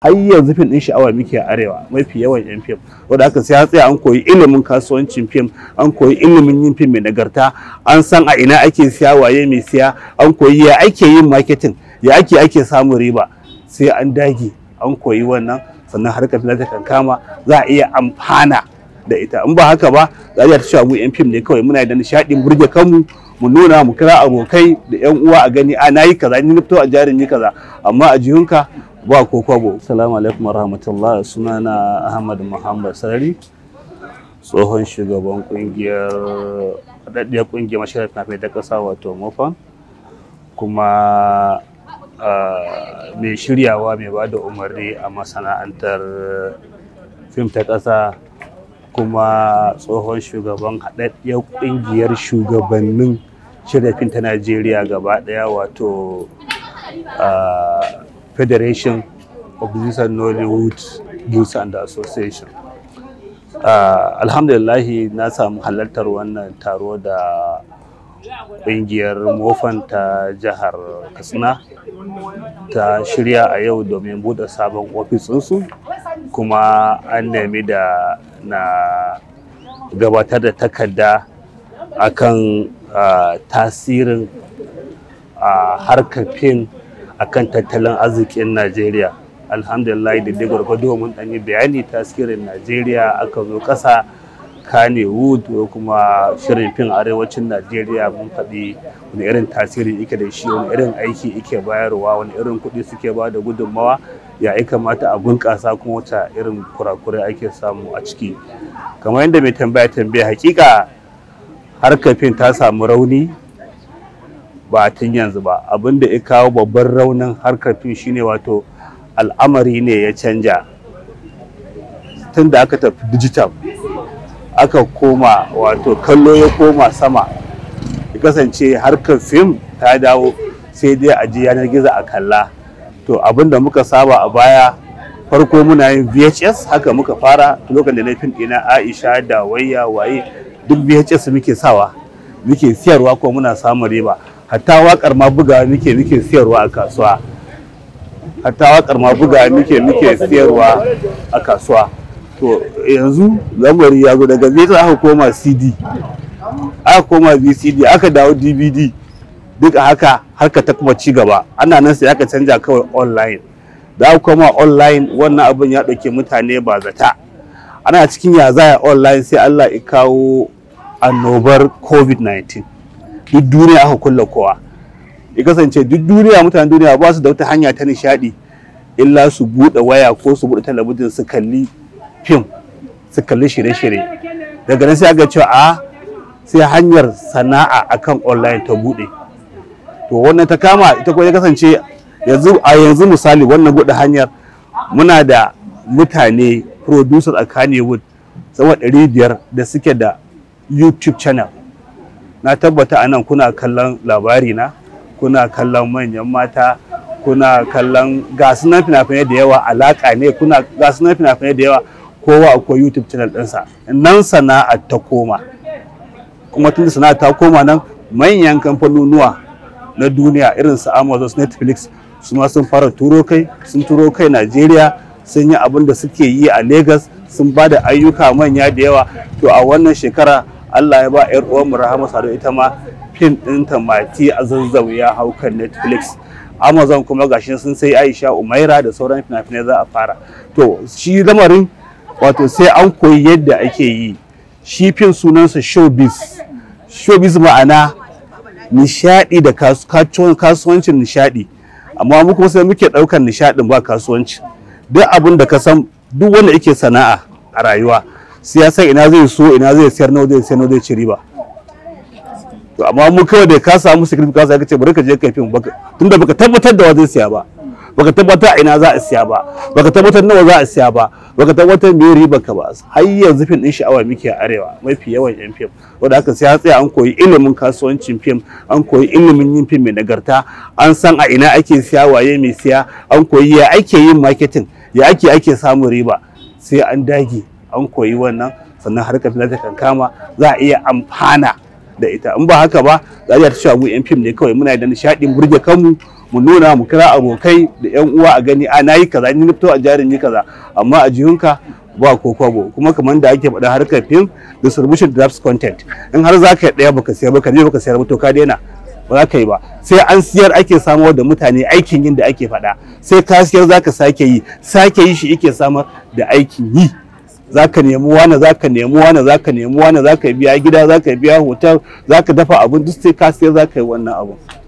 har yanzu fim din sha'awa muke a arewa mafi yawan yan fim wanda aka sai hatsaya an koyi ilimin kasuwancin fim an koyi ilimin yin fim mai nagarta an san a ina ake siya waye mai siya an koyi ya ake yin marketing ya ake ake samun riba sai an dage an koyi wannan sannan harkar ta kan kama za a iya amfana da ita in ba haka ba za a iya cewa mu yan fim ne kawai muna da nishaɗin burge kanmu mu nuna mu kira abokai da yan uwa a gani a nayi kaza ni fito a jarin ni kaza amma a jihunka ba ko kwabo assalamu alaikum suna sunana ahmad muhammad sarari tsohon shugaban kungiyar haɗaɗɗiyar kungiyar mashirar fina ta ƙasa wato mofan kuma mai shiryawa mai ba da umarni a masana'antar fim ta ƙasa kuma tsohon shugaban haɗaɗɗiyar ƙungiyar shugabannin shirya fim ta najeriya gaba ɗaya wato Federation of Business and Nollywood Youth and Association. Uh, alhamdulillahi na samu halartar wannan taro da ƙungiyar mofan ta jihar katsina ta shirya a yau domin buɗe sabon ofisinsu kuma an nemi da na gabatar da takarda akan uh, tasirin uh, harkar akan tattalin arzikin Najeriya alhamdulillah da dai gwargwado mun dan yi bayani tasirin Najeriya aka zo ƙasa kane wood ko kuma shirin fin arewacin Najeriya mun faɗi wani irin tasiri yake da shi wani irin aiki yake bayarwa wani irin kuɗi suke ba da gudunmawa ya ya kamata a bunƙasa kuma wata irin kurakurai ake samu a ciki kamar yadda mai tambaya tambaya hakika harkar fin ta samu rauni ba tun yanzu ba abin da ya kawo babban raunin harkar fim shine wato al'amari ne ya canja tun da aka tafi digital aka koma wato kallo ya koma sama ya kasance harkar fim ta dawo sai dai a ji yanar gizo a kalla to abin da muka saba a baya farko muna yin vhs haka muka fara lokacin da na fim ɗina aisha da wayya waye duk vhs muke sawa muke siyarwa ko muna samun riba hatta wakar ma buga muke muke siyarwa a kasuwa hatta wakar ma buga muke muke siyarwa a kasuwa to yanzu lamari ya zo daga zai aka koma cd aka koma vcd aka dawo dvd duk a haka harka ta kuma ci gaba ana nan sai aka canja kawai online da aka koma online wannan abin ya ɗauke mutane ba zata ana cikin ya zaya online sai allah ya kawo annobar covid-19 duk duniya aka kulla kowa ya kasance duk duniya mutanen duniya ba su da wata hanya ta nishaɗi illa su buɗe waya ko su buɗe talabijin su kalli fim su kalli shirye-shirye daga nan sai aka cewa a sai hanyar sana'a akan online ta buɗe to wannan ta kama ita kuma ya kasance yanzu a yanzu misali wannan buɗe hanyar muna da mutane producer a Kannywood sama ɗari da suke da YouTube channel na tabbata anan kuna kallon labari na kuna kallon manyan mata kuna kallon gasunan fina-finai da yawa alaka ne kuna gasunan fina-finai da yawa kowa akwai youtube channel ɗinsa nan sana'ar ta koma kuma tun sana'ar ta koma nan manyan kamfanonuwa na duniya irin su amazon netflix su ma sun fara turo kai sun turo kai najeriya sun yi abin da suke yi a lagos sun ba da ayyuka manya da yawa to a wannan shekara Allah ya ba 'yar mu Rahama Sado ita ma fim ɗinta mati a zazzau ya haukan Netflix. Amazon kuma gashi sun sai Aisha Umaira da sauran fina-finai za a fara. To shi lamarin wato sai an koyi yadda ake yi. Shi sunansa showbiz. Showbiz ma'ana nishadi da kasuwancin nishadi. Amma mu kuma sai muke ɗaukar nishadin ba kasuwanci. Duk abin da ka san duk wanda yake sana'a a rayuwa siyasa ina zai so ina zai siyar nawa zai siyar nawa zai ci riba to amma mu kawai da ka samu security ka sai ka ce bari ka je kai fim tunda baka tabbatar da wa zai siya ba baka tabbatar ina za a siya ba baka tabbatar nawa za a siya ba baka tabbatar me riba ka ba har yanzu fim din sha'awa muke a arewa mafi yawan yan fim wanda aka sai tsaya an koyi ilimin kasuwancin fim an koyi ilimin yin fim mai nagarta an san a ina ake siya waye mai siya an koyi ya ake yin marketing ya ake ake samun riba sai an dage an koyi wannan sannan harkar fim ta kankama za a iya amfana da ita in ba haka ba za a iya ta cewa mu yan fim ne kawai muna da nishadin burge kanmu mu nuna mu kira abokai da yan uwa a gani a nayi kaza ni fito a jarin ni kaza amma a jihunka ba ko kwabo kuma kamar da ake faɗa harkar da distribution drafts content in har za ka yi ɗaya baka sayar baka ne baka sayar ba to ka daina ba za ka yi ba sai an siyar ake samar da mutane aikin yin da ake faɗa sai ka siyar za ka sake yi sake yi shi yake samar da aikin yi za ka nemi wani za ka nemi wani za ka nemi wani za ka biya gida za ka biya hotel za ka dafa abin duk sai ka sayar za ka yi wannan abin